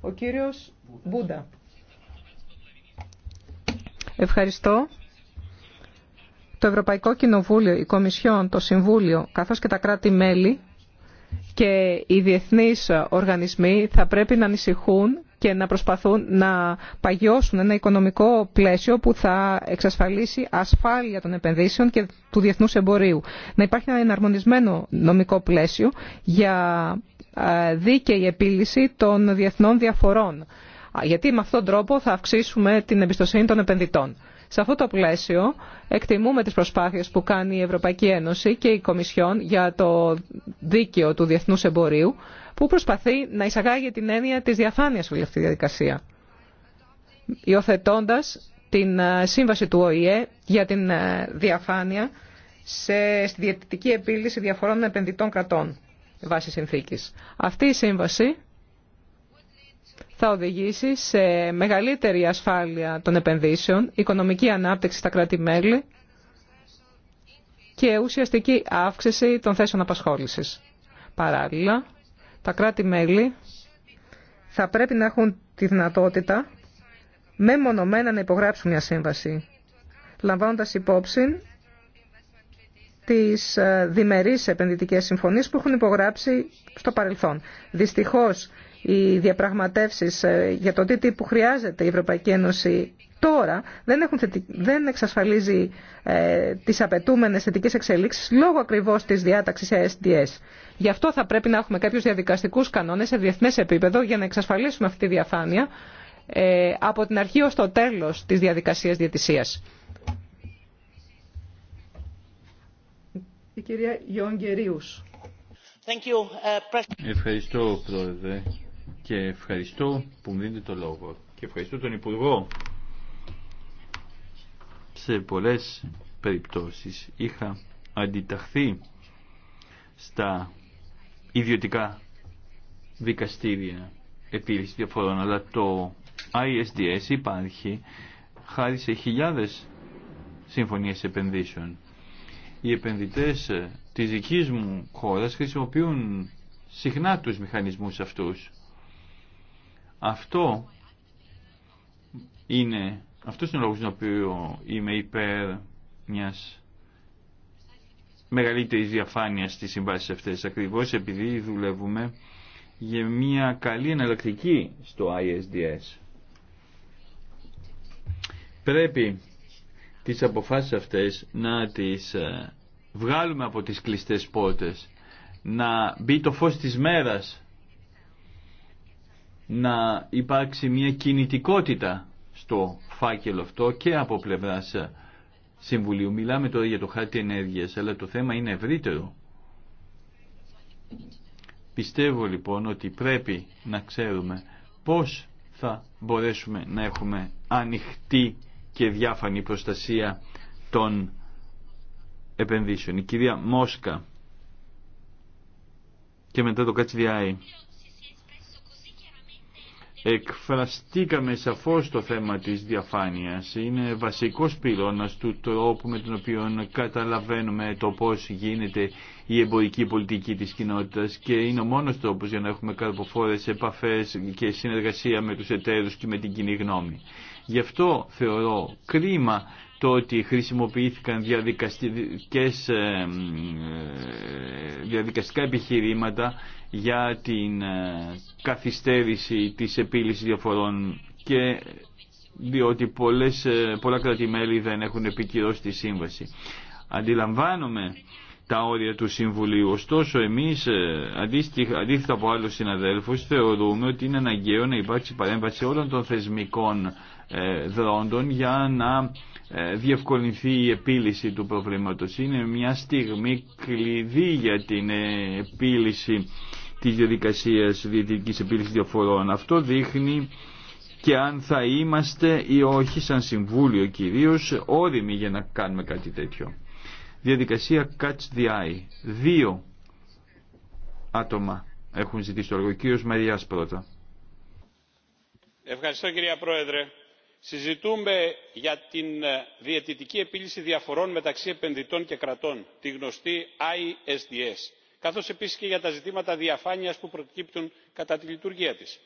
Ο κύριος Μπούντα. Ευχαριστώ. Το Ευρωπαϊκό Κοινοβούλιο, η Κομισιόν, το Συμβούλιο, καθώς και τα κράτη-μέλη και οι διεθνείς οργανισμοί θα πρέπει να ανησυχούν και να προσπαθούν να παγιώσουν ένα οικονομικό πλαίσιο που θα εξασφαλίσει ασφάλεια των επενδύσεων και του διεθνούς εμπορίου. Να υπάρχει ένα εναρμονισμένο νομικό πλαίσιο για ε, δίκαιη επίλυση των διεθνών διαφορών. Γιατί με αυτόν τον τρόπο θα αυξήσουμε την εμπιστοσύνη των επενδυτών. Σε αυτό το πλαίσιο εκτιμούμε τις προσπάθειες που κάνει η Ευρωπαϊκή Ένωση και η Κομισιόν για το δίκαιο του διεθνούς εμπορίου που προσπαθεί να εισαγάγει την έννοια της διαφάνειας όλη αυτή τη διαδικασία. Υιοθετώντα την ε, σύμβαση του ΟΗΕ για την ε, διαφάνεια σε, στη διαιτητική επίλυση διαφορών επενδυτών κρατών βάσει συνθήκης. Αυτή η σύμβαση θα οδηγήσει σε μεγαλύτερη ασφάλεια των επενδύσεων, οικονομική ανάπτυξη στα κράτη-μέλη και ουσιαστική αύξηση των θέσεων απασχόλησης. Παράλληλα, τα κράτη-μέλη θα πρέπει να έχουν τη δυνατότητα μεμονωμένα να υπογράψουν μια σύμβαση, λαμβάνοντας υπόψη τις ε, διμερείς επενδυτικές συμφωνίες που έχουν υπογράψει στο παρελθόν. Δυστυχώς, οι διαπραγματεύσεις ε, για το τι που χρειάζεται η Ευρωπαϊκή Ένωση τώρα δεν, δεν εξασφαλίζει ε, τις απαιτούμενες θετικές εξελίξεις λόγω ακριβώς της διάταξης SDS. Γι' αυτό θα πρέπει να έχουμε κάποιους διαδικαστικούς κανόνες σε διεθνές επίπεδο για να εξασφαλίσουμε αυτή τη διαφάνεια ε, από την αρχή ως το τέλος της διαδικασίας διατησία. Uh, Ευχαριστώ, Πρόεδρε και ευχαριστώ που μου δίνετε το λόγο και ευχαριστώ τον Υπουργό. Σε πολλές περιπτώσεις είχα αντιταχθεί στα ιδιωτικά δικαστήρια επίλυση διαφορών, αλλά το ISDS υπάρχει χάρη σε χιλιάδες συμφωνίες επενδύσεων. Οι επενδυτές της δικής μου χώρας χρησιμοποιούν συχνά τους μηχανισμούς αυτούς αυτό είναι, αυτός είναι ο λόγος τον οποίο είμαι υπέρ μιας μεγαλύτερης διαφάνειας στις συμβάσεις αυτές ακριβώς επειδή δουλεύουμε για μια καλή εναλλακτική στο ISDS. Πρέπει τις αποφάσεις αυτές να τις ε, βγάλουμε από τις κλειστές πόρτες, να μπει το φως της μέρας να υπάρξει μια κινητικότητα στο φάκελο αυτό και από πλευρά Συμβουλίου. Μιλάμε τώρα για το χάρτη ενέργεια, αλλά το θέμα είναι ευρύτερο. Πιστεύω λοιπόν ότι πρέπει να ξέρουμε πώς θα μπορέσουμε να έχουμε ανοιχτή και διάφανη προστασία των επενδύσεων. Η κυρία Μόσκα και μετά το Κατσιδιάη εκφραστήκαμε σαφώς το θέμα της διαφάνειας. Είναι βασικός πυλώνας του τρόπου με τον οποίο καταλαβαίνουμε το πώς γίνεται η εμπορική πολιτική της κοινότητας και είναι ο μόνος τρόπος για να έχουμε καρποφόρες επαφές και συνεργασία με τους εταίρους και με την κοινή γνώμη. Γι' αυτό θεωρώ κρίμα το ότι χρησιμοποιήθηκαν διαδικαστικές, ε, ε, διαδικαστικά επιχειρήματα για την ε, καθυστέρηση της επίλυσης διαφορών και διότι πολλές, ε, πολλά κρατημέλη δεν έχουν επικυρώσει τη σύμβαση. Αντιλαμβάνομαι τα όρια του Συμβουλίου. Ωστόσο, εμείς, ε, αντίθετα από άλλους συναδέλφους, θεωρούμε ότι είναι αναγκαίο να υπάρξει παρέμβαση όλων των θεσμικών δρόντων για να διευκολυνθεί η επίλυση του προβλήματος. Είναι μια στιγμή κλειδί για την επίλυση της διαδικασίας διαιτητικής επίλυσης διαφορών. Αυτό δείχνει και αν θα είμαστε ή όχι σαν Συμβούλιο κυρίως όριμοι για να κάνουμε κάτι τέτοιο. Διαδικασία Catch the Eye. Δύο άτομα έχουν ζητήσει το έργο. Κύριος Μαριάς πρώτα. Ευχαριστώ κυρία Πρόεδρε. Συζητούμε για την ε, διαιτητική επίλυση διαφορών μεταξύ επενδυτών και κρατών, τη γνωστή ISDS καθώς επίσης και για τα ζητήματα διαφάνειας που προκύπτουν κατά τη λειτουργία της.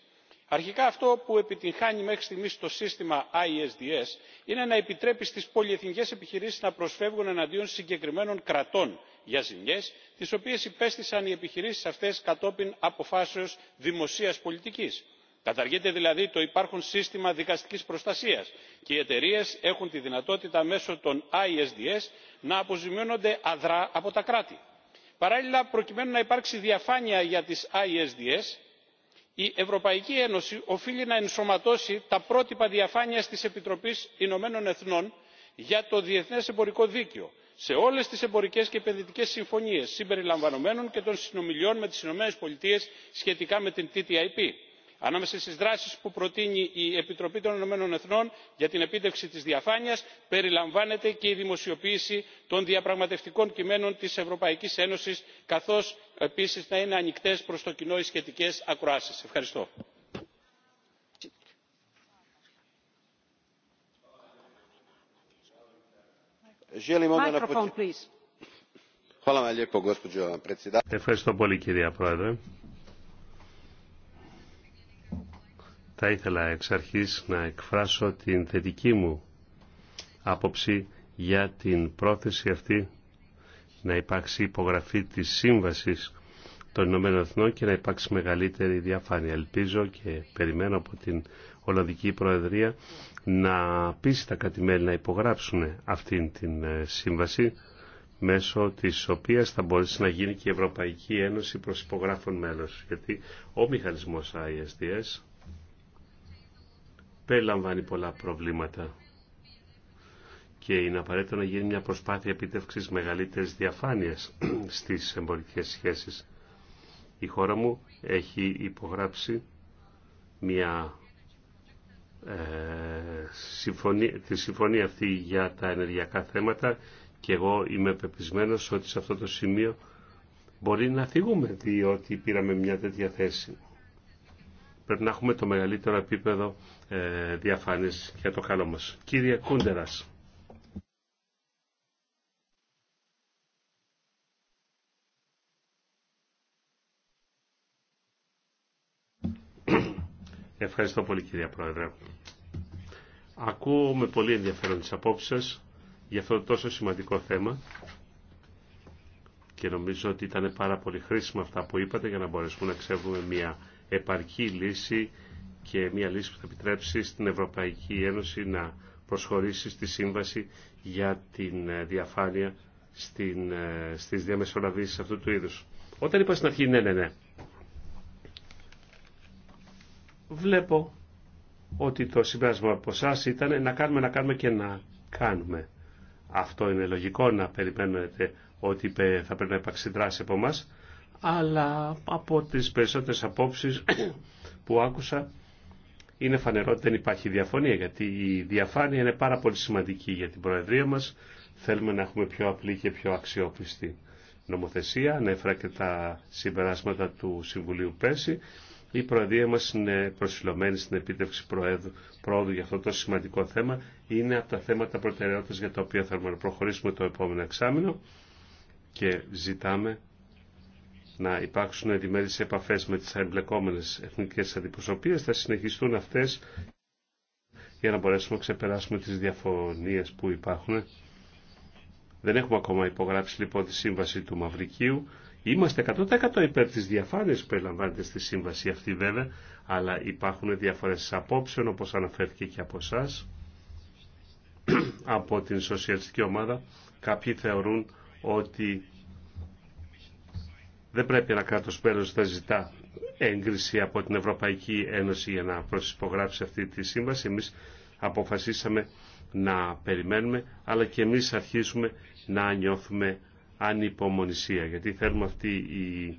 αρχικά αυτό που επιτυγχάνει μέχρι στιγμής το σύστημα isds είναι να επιτρέπει στις πολυεθνικές επιχειρήσεις να προσφεύγουν εναντίον συγκεκριμένων κρατών για ζημιές τις οποίες υπέστησαν οι επιχειρήσεις αυτές κατόπιν αποφάσεως δημοσίας πολιτικής. καταργείται δηλαδή το υπάρχον σύστημα δικαστικής προστασίας και οι εταιρείες έχουν τη δυνατότητα μέσω των isds να αποζημιώνονται αδρά από τα κράτη παράλληλα προκειμένου να υπάρξει διαφάνεια για τις isds η ευρωπαϊκή ένωση οφείλει να ενσωματώσει τα πρότυπα διαφάνειας της επιτροπής ηνωμένων εθνών για το διεθνές εμπορικό δίκαιο σε όλες τις εμπορικές και επενδυτικές συμφωνίες συμπεριλαμβανομένων και των συνομιλιών με τις ηνωμένες πολιτείες σχετικά με την ttip ανάμεσα στις δράσεις που προτείνει η επιτροπή των ηνωμένων εθνών για την επίτευξη της διαφάνειας περιλαμβάνεται και η δημοσιοποίηση των διαπραγματευτικών κειμένων της ευρωπαϊκής ένωσης καθώς επίσης να είναι ανοιχτές προς το κοινό οι σχετικές ακροάσεις. ευχαριστώ. Ευχαριστώ πολύ κυρία Πρόεδρε. Θα ήθελα εξ αρχής να εκφράσω την θετική μου άποψη για την πρόθεση αυτή να υπάρξει υπογραφή της Σύμβασης των Ηνωμένων Εθνών και να υπάρξει μεγαλύτερη διαφάνεια. Ελπίζω και περιμένω από την Ολλανδική Προεδρία να πείσει τα κατημέλη να υπογράψουν αυτήν την ε, σύμβαση μέσω της οποίας θα μπορέσει να γίνει και η Ευρωπαϊκή Ένωση προς υπογράφων μέλος. Γιατί ο μηχανισμός ISDS περιλαμβάνει πολλά προβλήματα και είναι απαραίτητο να γίνει μια προσπάθεια επίτευξης μεγαλύτερης διαφάνειας στις εμπορικές σχέσεις. Η χώρα μου έχει υπογράψει μια ε, συμφωνία, τη συμφωνία αυτή για τα ενεργειακά θέματα και εγώ είμαι πεπισμένος ότι σε αυτό το σημείο μπορεί να θυγούμε διότι πήραμε μια τέτοια θέση πρέπει να έχουμε το μεγαλύτερο επίπεδο ε, για το καλό μας. Κύριε Κούντερας. Ευχαριστώ πολύ κύριε Πρόεδρε. Ακούω με πολύ ενδιαφέρον τις απόψεις σας για αυτό το τόσο σημαντικό θέμα και νομίζω ότι ήταν πάρα πολύ χρήσιμα αυτά που είπατε για να μπορέσουμε να ξέρουμε μια επαρκή λύση και μια λύση που θα επιτρέψει στην Ευρωπαϊκή Ένωση να προσχωρήσει στη σύμβαση για την ε, διαφάνεια στην, ε, στις διαμεσολαβήσεις αυτού του είδους. Όταν είπα στην αρχή ναι, ναι, ναι, βλέπω ότι το συμπέρασμα από εσά ήταν να κάνουμε, να κάνουμε και να κάνουμε. Αυτό είναι λογικό να περιμένετε ότι θα πρέπει να υπάρξει δράση από εμάς αλλά από τις περισσότερες απόψεις που άκουσα είναι φανερό ότι δεν υπάρχει διαφωνία γιατί η διαφάνεια είναι πάρα πολύ σημαντική για την Προεδρία μας. Θέλουμε να έχουμε πιο απλή και πιο αξιόπιστη νομοθεσία. Ανέφερα και τα συμπεράσματα του Συμβουλίου πέρσι. Η Προεδρία μας είναι προσφυλωμένη στην επίτευξη πρόοδου για αυτό το σημαντικό θέμα. Είναι από τα θέματα προτεραιότητας για τα οποία θέλουμε να προχωρήσουμε το επόμενο εξάμεινο και ζητάμε να υπάρξουν επιμέρειες επαφές με τις εμπλεκόμενες εθνικές αντιπροσωπείε, Θα συνεχιστούν αυτές για να μπορέσουμε να ξεπεράσουμε τις διαφωνίες που υπάρχουν. Δεν έχουμε ακόμα υπογράψει λοιπόν τη σύμβαση του Μαυρικίου. Είμαστε 100% υπέρ της διαφάνειας που περιλαμβάνεται στη σύμβαση αυτή βέβαια, αλλά υπάρχουν διαφορές απόψεων όπως αναφέρθηκε και από εσά από την σοσιαλιστική ομάδα. Κάποιοι θεωρούν ότι δεν πρέπει ένα κράτο μέλο να ζητά έγκριση από την Ευρωπαϊκή Ένωση για να προσυπογράψει αυτή τη σύμβαση. Εμεί αποφασίσαμε να περιμένουμε, αλλά και εμεί αρχίσουμε να νιώθουμε ανυπομονησία, γιατί θέλουμε αυτή η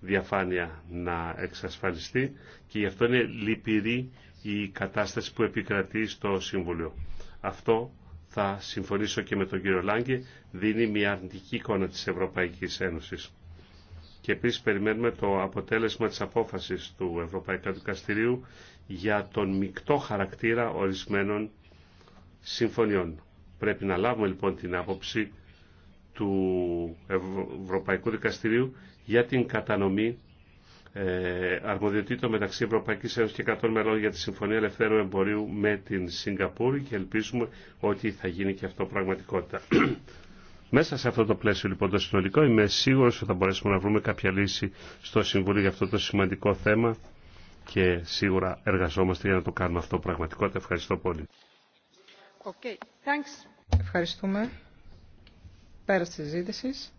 διαφάνεια να εξασφαλιστεί και γι' αυτό είναι λυπηρή η κατάσταση που επικρατεί στο Συμβουλίο. Αυτό θα συμφωνήσω και με τον κύριο Λάγκε, δίνει μια αρνητική εικόνα της Ευρωπαϊκής Ένωσης και επίσης περιμένουμε το αποτέλεσμα της απόφασης του Ευρωπαϊκού Δικαστηρίου για τον μεικτό χαρακτήρα ορισμένων συμφωνιών. Πρέπει να λάβουμε λοιπόν την άποψη του Ευρωπαϊκού Δικαστηρίου για την κατανομή ε, αρμοδιοτήτων μεταξύ Ευρωπαϊκής Ένωσης και 100 μελών για τη Συμφωνία Ελευθέρου Εμπορίου με την Σιγκαπούρη και ελπίζουμε ότι θα γίνει και αυτό πραγματικότητα. Μέσα σε αυτό το πλαίσιο λοιπόν το συνολικό είμαι σίγουρος ότι θα μπορέσουμε να βρούμε κάποια λύση στο Συμβούλιο για αυτό το σημαντικό θέμα και σίγουρα εργαζόμαστε για να το κάνουμε αυτό πραγματικότητα. Ευχαριστώ πολύ. Ευχαριστούμε. Πέρα τη συζήτηση.